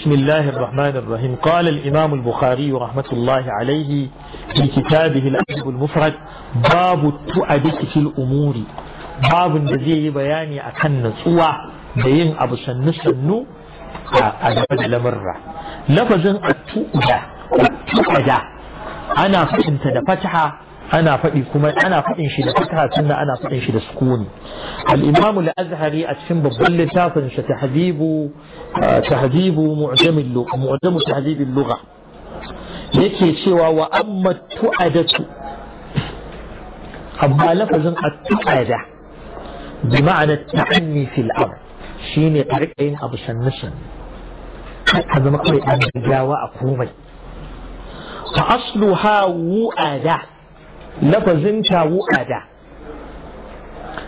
بسم الله الرحمن الرحيم قال الإمام البخاري رحمة الله عليه في كتابه الأدب المفرد باب التؤدك في الأمور باب الذي بياني أكن نسوة بين أبو سن سنو أدب لمرة لفظ التؤدى التؤدى أنا فهمت فتحة أنا فدي كم أنا فدي إن شد سنة أنا فدي إن شد الإمام الأزهري أتشم ببل تافن شتهذيب آه، تهذيب معجم اللغة معجم تهذيب اللغة يكي شوا وأما تؤدة أما لفظ التؤدة بمعنى التعني في الأرض شيني طريق أين أبو شنشن هذا مقرئ أن جاوى أقومي فأصلها وؤدات lafazin ta da,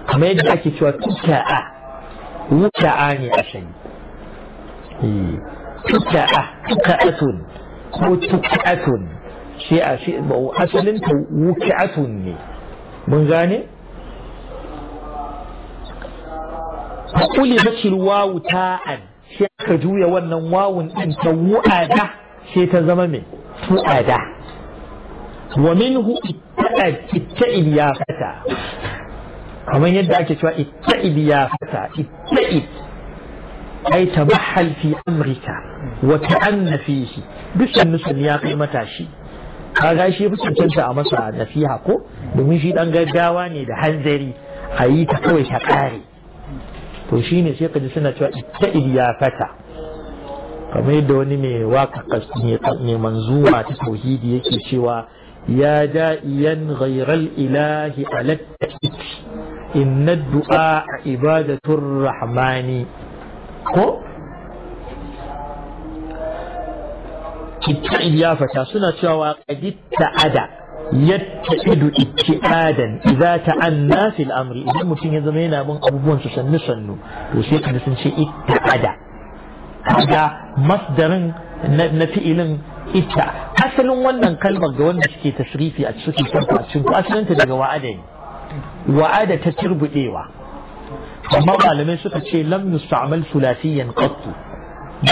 kamar yadda ake cewa tuka'a wuka'a ne a shani eh, tuka'a tuka'atun ko tuka'atun shi a shi asalin ta wuki'atun ne mun gane Hakuli bashir wawu ta'an sai aka juya wannan wawun din ta wu'ada sai ta zama mai fu'ada wa minhu itta'id ya kamar yadda ake cewa itta'id ya fata itta'id ai tabahhal fi amrika wa ta'anna shi dukkan nusun ya kai matashi kaga shi fuskanta a masa nasiha ko domin shi ɗan gaggawa ne da hanzari a yi ta kawai ta kare to shine sai ka ji suna cewa itta'id fata kamar yadda wani mai waka mai manzuma ta tauhidi yake cewa يا دائيا غير الإله على التأكيد إن الدعاء عبادة الرحمن itta'id ya fata suna cewa qadid ta'ada yatta'idu itti'adan idza ta'anna fil amri idan mutum ya zama yana bin abubuwan su sannu sannu to sai kada sun ce itta'ada kaga masdarin na fi'ilin ita asalin wannan kalmar ga wanda suke tasrifi a cikin a cikin asalinta daga wa'ada ne wa'ada ta cirbudewa amma malamai suka ce lam yusta'mal sulasiyan qattu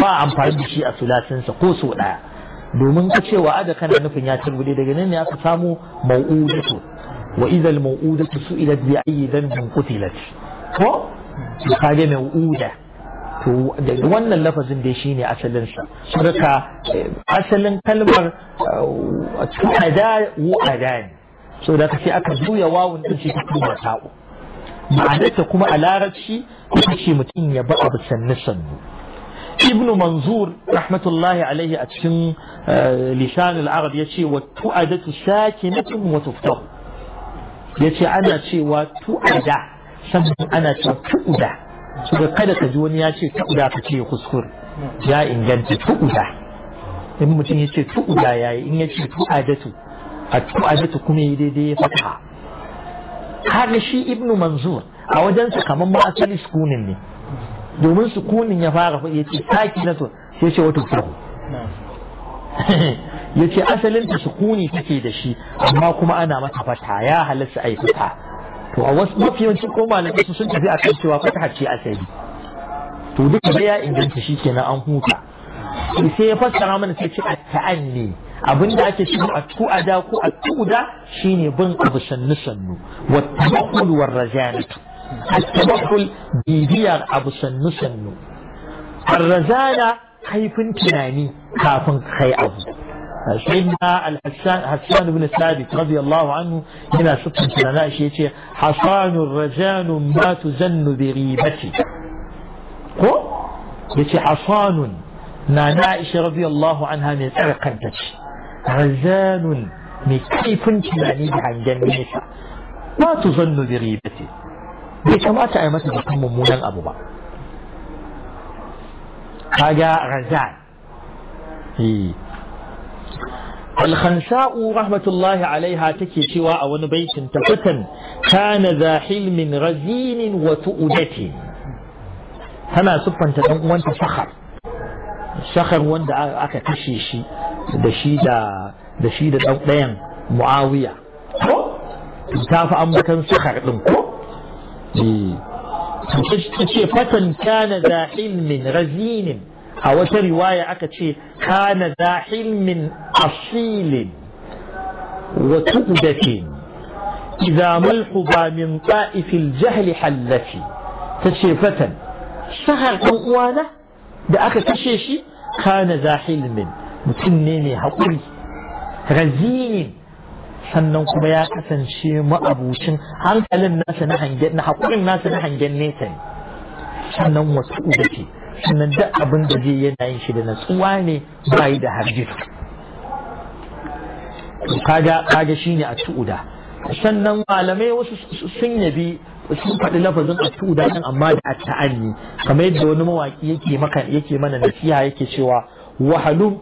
ba amfani da shi a sulasinsa ko so daya domin ka ce wa'ada kana nufin ya cirbude daga nan ne aka samu mau'udatu wa idza al mau'udatu su'ilat bi ayyi dhanbin qutilat ko ka ga mau'uda to wannan lafazin dai shine asalinsa suka asalin kalmar tu'ada uh, wu'ada ne so da ce aka juya wawun din shi ta kuma ma'anar ta kuma a larabci ita ce mutum ya ba abu sannu sannu ibnu manzur rahmatullahi alaihi a cikin uh, lisan al-arab yace wa tu'adatu sakinatun wa Ya yace ana cewa tu'ada sannan ana cewa tu'da su kada ka ji wani ya ce uda ka ce kuskur ya inganta uda in mutum ya ce uda ya yi in ya ce adatu a adatu kuma yi daidai ya fata kaga shi ibnu manzur a wajensa kamar ma asali sukunin ne domin sukunin ya fara ya ce saki na to ya ce wata kuku ya ce asalinta sukuni take da shi amma kuma ana mata fata ya halasta a yi to a wasu mafi yawancin ko malamai su sun tafi akan cewa fataha ce asali to duka da ya inganta shi kenan an huta sai ya fassara mana sai ce at-ta'anni abinda ake cewa a ku ko at-tu'da shine bin abu sannu sannu wa tabakkul war rajanatu at bibiyar abu sannu sannu ar-rajana kaifin tunani kafin kai abu سيدنا الحسان حسان بن ثابت رضي الله عنه هنا ستة سنة شيء حصان رزان ما تزن بغيبتي ko yace hasanun na na'isha radiyallahu anha mai tsare kanta ce razanun mai kaifin tunani da hangen nesa ba tu zannu bi ribati bai kamata a yi masa jikin mummunan abu ba kaga razan Alhansa’u rahmatullahi alaiha take cewa a wani baitin tafukan kana za hilmin razinin wata udate, tana siffanta ɗan uwanta shahar, shahar wanda aka kashe shi da shi da ɗayan mu'awiya. Ta fi amurkan ɗin ko? Eh. Ta ce fatan kana za razinin a wata riwaya aka ce kana za hilmin أصيل وتؤدة إذا ملحبا من طائف الجهل حلتي تشيفة سهر أوانا da aka kashe shi kana za hilmin mutum ne mai haƙuri razinin sannan kuma ya kasance ma'abucin hankalin nasa na hangen na haƙurin nasa na hangen nesa ne sannan wasu uba ce sannan duk abin da zai yana yin shi da natsuwa ne bayi da hargitsu kaga kaga shine a tu'uda sannan malamai wasu sun yabi sun faɗi lafazin a tu'uda din amma da ta'anni kamar yadda wani mawaki yake maka yake mana nasiha yake cewa wahalum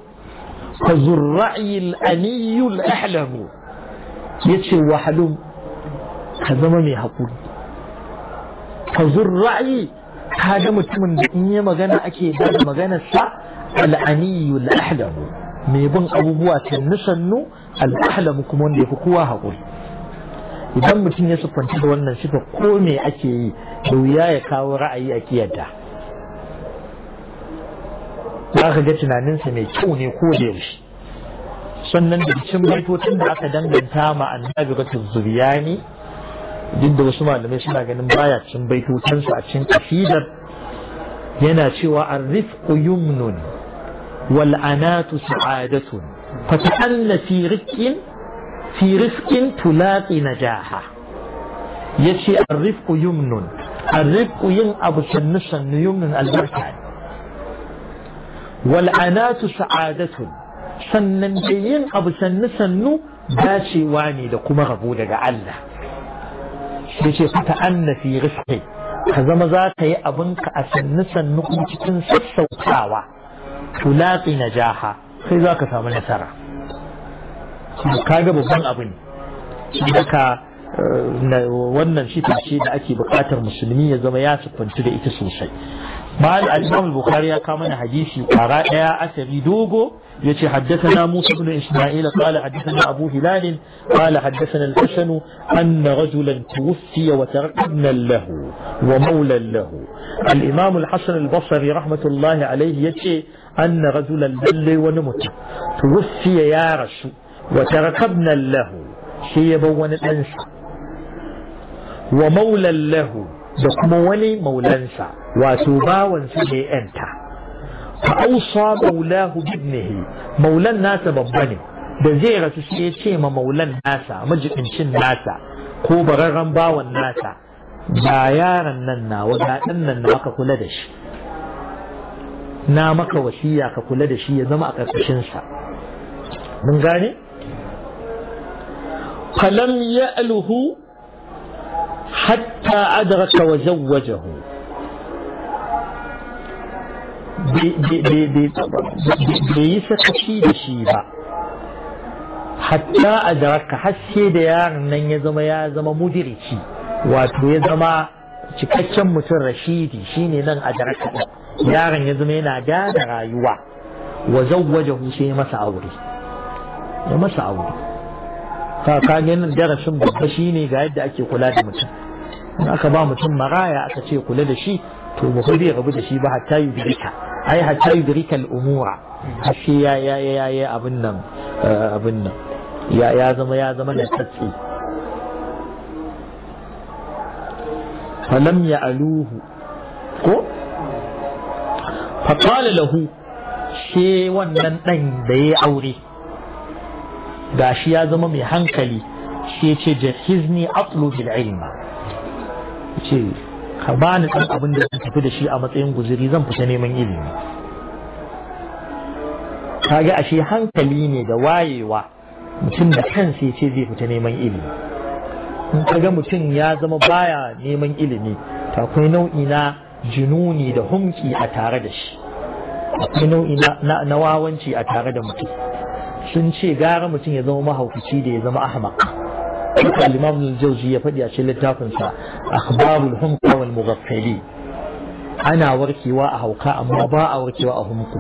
ka zurra'i al-aniy al-ahlam yace wahalum ka zama mai hakuri ka zurra'i ka ga mutumin da in yi magana ake da maganarsa al-aniy al-ahlam mai bin abubuwa sannu sannu al'ahlamu kuma wanda ya fi kowa haƙuri idan mutum ya siffanci da wannan sifa ko me ake yi da wuya ya kawo ra'ayi a kiyarta za ka ga tunaninsa mai kyau ne ko da yaushe sannan da cikin baitocin da aka danganta ma annabi ga zuriyani duk da wasu malamai suna ganin baya cikin baitocinsa a cikin kafidar yana cewa arrif yumnun والأنات سعادة فتحن في رفق في رفق تلاقي نجاحا يشي الرفق يمن الرفق ين أبو سنسا يمن البركة والأنات سعادة سننجين أبو سنسا نو باشي واني لقم غبولة لعلة يشي فتحن في رزق كذا مزاك يا أبنك أسنسا نقوم بتنسف سوطاوة تلاقي نجاحا sai za ka samu nasara kaga babban abin daga wannan shi ce da ake bukatar musulmi ya zama ya siffantu da ita sosai bayan al-imam bukhari ya kama na hadisi kwara daya asari dogo yace haddathana musa ibn isma'il qala haddathana abu hilal qala haddathana al-hasan anna rajulan tuwfiya wa tarakna lahu wa mawlan lahu al-imam al-hasan al-basri rahmatullahi alayhi yace أن رجلا بل ونمت توفي يا رسول وترك ابنا له شي بون الأنسى ومولا له دقم ولي مولا انسى واتوبا وانسي أنت فأوصى مولاه بابنه مولا الناس ببني بزيغة سيتي ما مولا الناس مجد شن الناس كوبر غنبا والناس بايارا ننا وغا ننا وكا كل na maka wasiya ka kula da shi ya zama a karkashin sa mun gane falam ya'luhu hatta adraka wa zawwajahu bai yi sakaci da shi ba hatta adraka har sai da yaron nan ya zama ya zama mudirci wato ya zama cikakken mutum rashidi shine nan adraka yaron ya zama yana gyara rayuwa wa zawwajahu sai ya masa aure ya masa aure ka kage nan darasin babba shine ga yadda ake kula da mutum in aka ba mutum maraya aka ce kula da shi to ba bai rabu da shi ba hatta yudrika ai hatta yudrika al-umura hashi ya ya ya ya abin nan eh, abin nan ya ya zama ya zama da tsatsi falam ya aluhu ko faƙala lahu she wannan ɗan da ya aure gashi ya zama mai hankali sai ce jahizni atlu bil ilma ce ka bani ɗan abin da zan tafi da shi a matsayin guziri zan fita neman ilimi ga ashe hankali ne da wayewa mutum da kansa ya zai fita neman ilimi in ka ga mutum ya zama baya neman ilimi ta akwai nau'i na jinuni da humki a tare da shi akwai nau'i na wawanci a tare da mutum sun ce gara mutum ya zama mahaukaci da ya zama ahmaq haka limam al-jawzi ya faɗi a cikin littafin sa akhbarul humqa wal mughaffali ana warkewa a hauka amma ba a warkewa a humku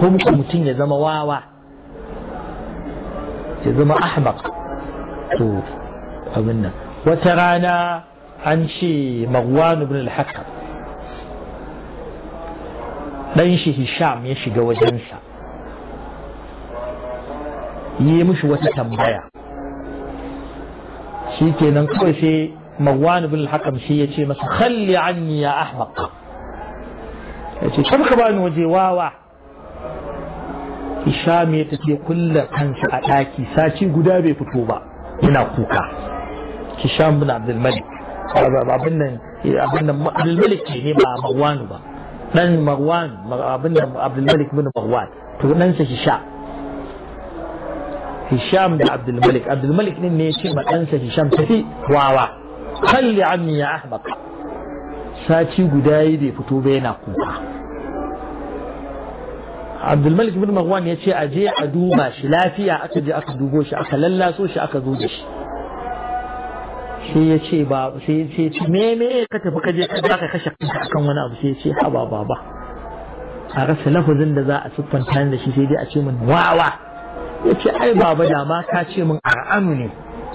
humku mutum ya zama wawa ya zama ahmaq to abin nan wata rana an ce marwan ibn al-hakam shi hisham ya shiga wajensa yi mushi wata tambaya shi kenan kawai sai marwan ibn al shi ya ce masa khalli anni ya ahmaq ya ce kar ka bani waje wawa hisham ya tafi kulla kansa a ɗaki saci guda bai fito ba yana kuka hisham bin abdulmalik abin nan abin nan abdulmalik ne ba marwan ba dan marwan abin nan abdulmalik bin marwan to dan sa hisham hisham da abdulmalik abdulmalik din ne ce ma dan sa hisham tafi wawa kalli ammi ya ahmaq sati guda yi bai fito ba yana kuka abdulmalik bin marwan ya ce a je a duba shi lafiya aka je aka dubo shi aka lallaso shi aka zo da shi sai ya ce ba sai ya ce me me ka tafi ka je ka za ka kashe kanka akan wani abu sai ya ce ha ba ba a rasa lafazin da za a siffanta da shi sai dai a ce min wawa ya ce ai baba da ma ka ce min ar'anu ne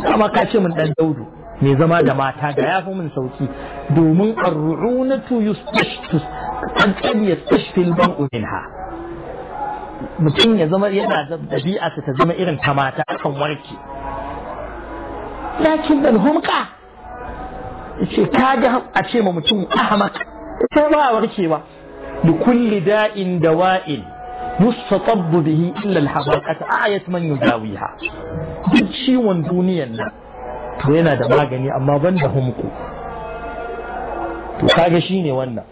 da ma ka ce min dan daudu mai zama da mata da ya fi min sauki domin arru'unatu yustashtus an kan ya al-mar'u minha mutum ya zama yana da dabi'a ta zama irin ta mata akan warke lakin dan humka yace kaga a ce ma mutum ahmak sai ba warkewa bi kulli da'in dawa'in yustatabbu bihi illa al-habaqata ayat man yudawiha duk ciwon duniyan nan to yana da magani amma ban da humku to kaga shine wannan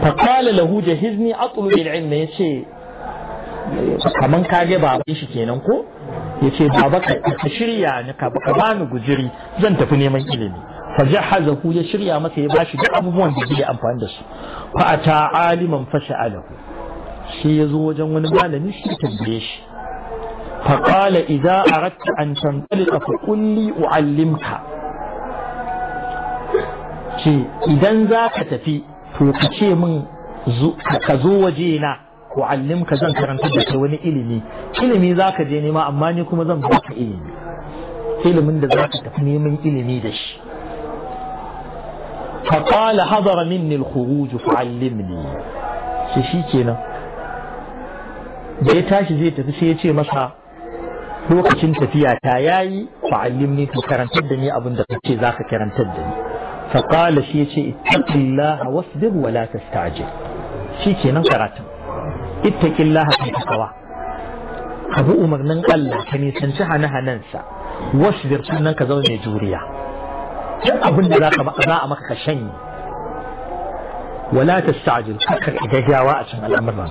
fa qala lahu jahizni atlubu al-ilm yace kaman kage baban shi kenan ko ya ce baba ka shirya ni ka bani gujiri zan tafi neman ilimi fajahazahu ya shirya masa ya bashi duk abubuwan da yake amfani da su fa ata aliman fasha'alahu shi ya zo wajen wani malami shi ya tambaye shi fa qala idza aradta an tantalika fa kulli uallimka ce idan za ka tafi to ka ce min ka zo waje na uallimka zan karanta da kai wani ilimi ilimi za ka je nema amma ni kuma zan baka ilimi ilimin da za ka tafi neman ilimi da shi فقال حضر مني الخروج فعلمني sai shi kenan da ya tashi zai tafi sai ya ce masa lokacin tafiya ta yayi fa'allimni to karantar da ni abin da za ka karantar da ni fa qala shi yace ittaqillaha wasbir wa la tastajil shi kenan karatu ittaqillaha kan takawa أبو أمر من ka ne tantance hanahanan ننسى wasu birtun nan ka zauna juriya لا abin da zaka ولا تستعجل فكر إذا جاء واعتم الأمر من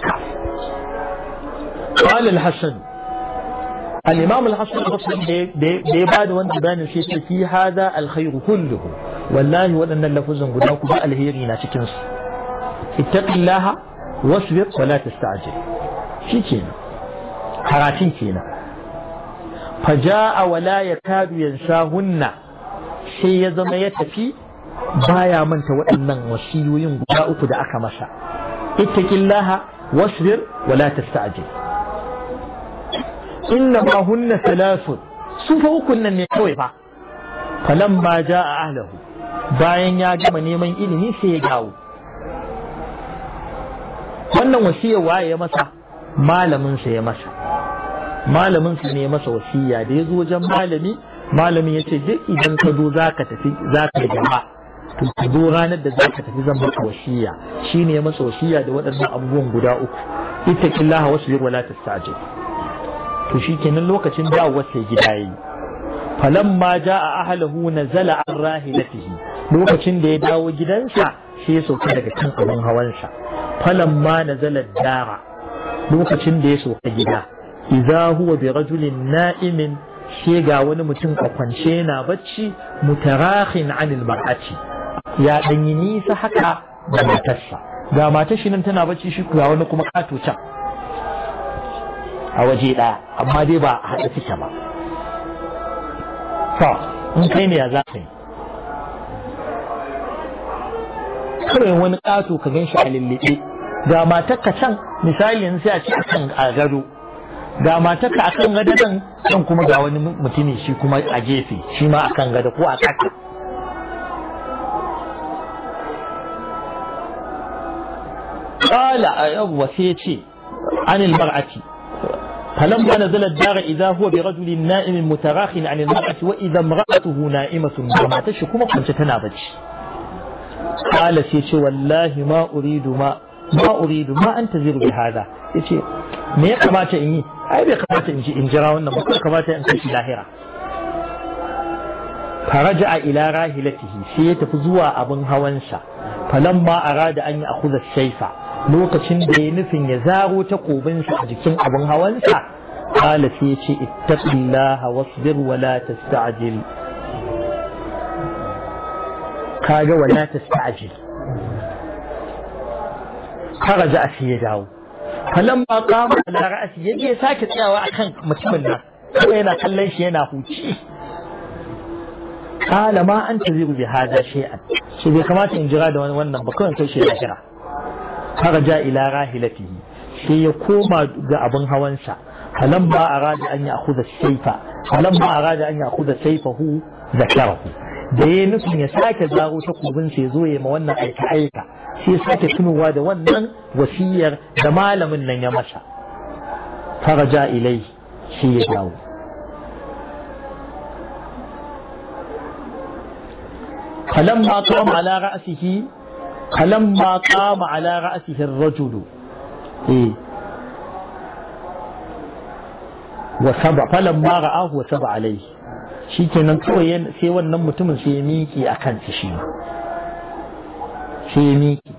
قال الحسن الإمام الحسن بيباد وانت بان الشيء في هذا الخير كله والله ولن نلفز انقلاك باء الهيري ناتكنس اتق الله واصبر ولا تستعجل شيء karatun kenan faja'a wala ya kadu yansahunna sai ya zama ya tafi baya manta waɗannan wasiyoyin guda uku da aka masa ittaqillaha wasbir wala tasta'jil inna ma hunna thalathun su fa ukun nan ne kawai fa ja ja'a ahlahu bayan ya gama neman ilimi sai ya dawo wannan wasiyar waye ya masa malamin sa ya masa malamin su ne masa wasiya da ya zo wajen malami malamin ya ce duk idan ka zo za ka tafi za ka yi gaba to ka zo ranar da za ka tafi zan maka wasiya shi ne masa wasiya da waɗannan abubuwan guda uku ita killaha wasu yir wala tastaje to shi kenan lokacin da wasa gida yayi a jaa na zala an rahilatihi lokacin da ya dawo gidansa sai ya sauka daga kan abin hawansa falamma nazala dara lokacin da ya sauka gida idza huwa bi rajulin na'imin she ga wani mutum a kwance yana bacci mutarahin anil mar'ati ya dan yi nisa haka da matarsa ga matar shi nan tana bacci shi ga wani kuma kato can a waje ɗaya amma dai ba a haɗa fita ba to in kai ne ya za ka yi kawai wani kato ka gan shi a lullube ga matar ka can misali yanzu sai a ci a kan a gado ga matarka akan gada nan nan kuma ga wani mutumi shi kuma a gefe shi ma kan gada ko a ƙasa qala ayyawa sai ce anil mar'ati فلما نزل الدار إذا هو برجل نائم متراخ عن المرأة وإذا امرأته نائمة وما تشكو مقم تتنابج قال سيشي والله ma أريد ما ما أريد ما أنتظر بهذا yace me ya kamata in yi ai bai kamata in ji in jira wannan ba kuma kamata in kashi lahira faraja ila rahilatihi sai ya tafi zuwa abin hawansa falamma arada an ya akuza shaifa lokacin da ya nufin ya zaro takobinsa a jikin abin hawansa قال سيتي اتق الله واصبر ولا tasta'jil kaga wala tasta'jil karaja a ya dawo falan ba kama ala ra'asi ya je sake tsayawa akan mutumin nan kuma yana kallon shi yana huci kala ma an ta zai bi hada shay'an shi bai kamata in jira da wani wannan ba kawai kai shi ya har ja ila rahilatihi shi ya koma ga abin hawansa falan ba arada an ya akhudha sayfa falan ba arada an ya akhudha sayfahu zakarahu da ya nufin ya sake zaro ta takobinsa ya zo ya ma wannan aika aika sai sake tunowa da wannan wasiyar da malamin nan ya masa faraja ilai shi ya dawo فلما قام على رأسه فلما قام على رأسه الرجل إيه وسبع فلما رآه وسبع عليه shi kenan kawai sai wannan mutumin sai ya miƙe a kan shi sai miki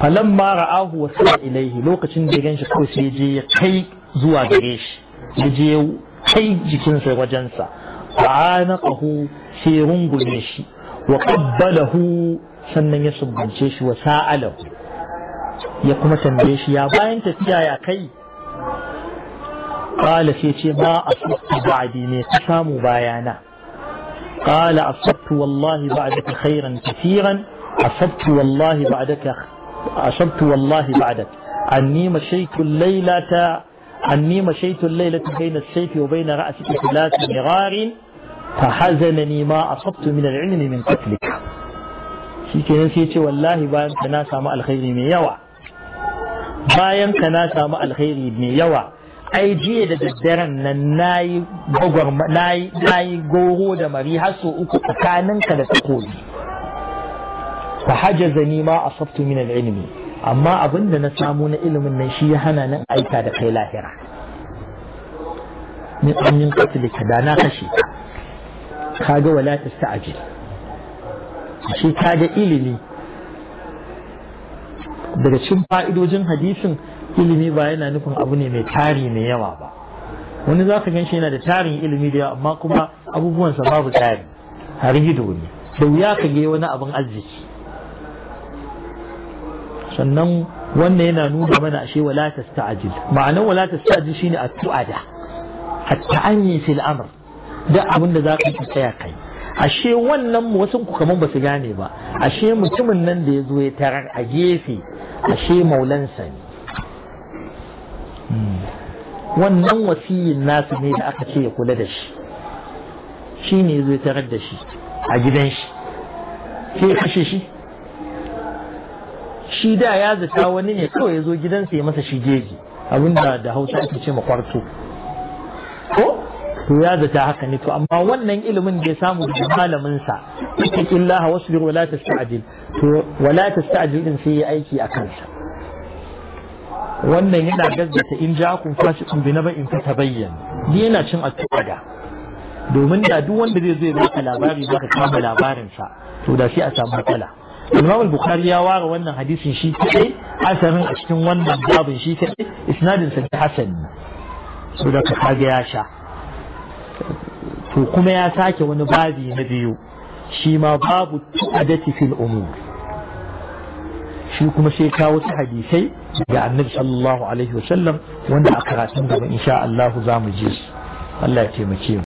falamma ra'ahu wa wasa ilaihi lokacin da ganshi ko sai je ya kai zuwa gare shi ya je kai jikinsa wajensa fa'anaqahu sai rungume shi wa qabbalahu sannan ya subbance shi wa sa'ala ya kuma tambaye shi ya bayan tafiya ya kai قال في ce ma asabtu ba'di ne ka samu bayana qala asabtu wallahi ba'daka khairan أصبت والله بعدك أصبت والله بعدك أني مشيت الليلة أني مشيت الليلة بين السيف وبين رأسك ثلاث مرار فحزنني ما أصبت من العلم من قتلك شي كان والله بان تناسى ما الخير من يوى bayan ka na samu alkhairi mai yawa ai jiya da daddaren nan nayi gogor nayi nayi goho da mari har so uku tsakanin fa hajazani ma a min al-ilmi amma abin da na samu na ilimin nan shi ya hana nan aika da kai lahira ni an yin da na kashe kaga wala tasta'jil shi ga ilimi daga cikin fa'idojin hadisin ilimi ba yana nufin abu ne mai tari mai yawa ba wani za ka ganshi yana da tarin ilimi da yawa amma kuma abubuwansa babu tari har hido ne da wuya ka ga wani abin arziki sannan wannan yana nuna mana ashe wala tasta'jil ma'anar wala tasta'jil shine at-tu'ada an yi fil amr da abin da zaka yi tsaya kai ashe wannan mu wasu ku kaman basu gane ba ashe mutumin nan da yazo ya tarar a gefe ashe maulansa ne wannan wasiyin nasu ne da aka ce ya kula da shi shine yazo ya tarar da shi a gidan shi ke kashe shi shi da ya zata wani ne kawai ya zo gidansa ya masa shigegi abinda da hausa ake ce makwarto ko to ya zata haka ne to amma wannan ilimin da ya samu daga malamin sa yake illah wasbir wala tasta'jil to wala tasta'jil din sai ya aiki a kansa wannan yana gazzata in fashi fasiqun bi naba'in bayyana. ni yana cin addu'a domin da duk wanda zai zo ya baka labari zaka kama labarin sa to da shi a samu matsala imam bukhari ya ware wannan hadisin shi kadai asarin a cikin wannan babin shi kadai isnadin sa hasan so da kaga ya sha to kuma ya sake wani babi na biyu shi ma babu tu'adati fil umur shi kuma sai ka wasu hadisai ga annabi sallallahu alaihi wasallam wanda a karatun gaba insha Allah za mu ji su Allah ya taimake mu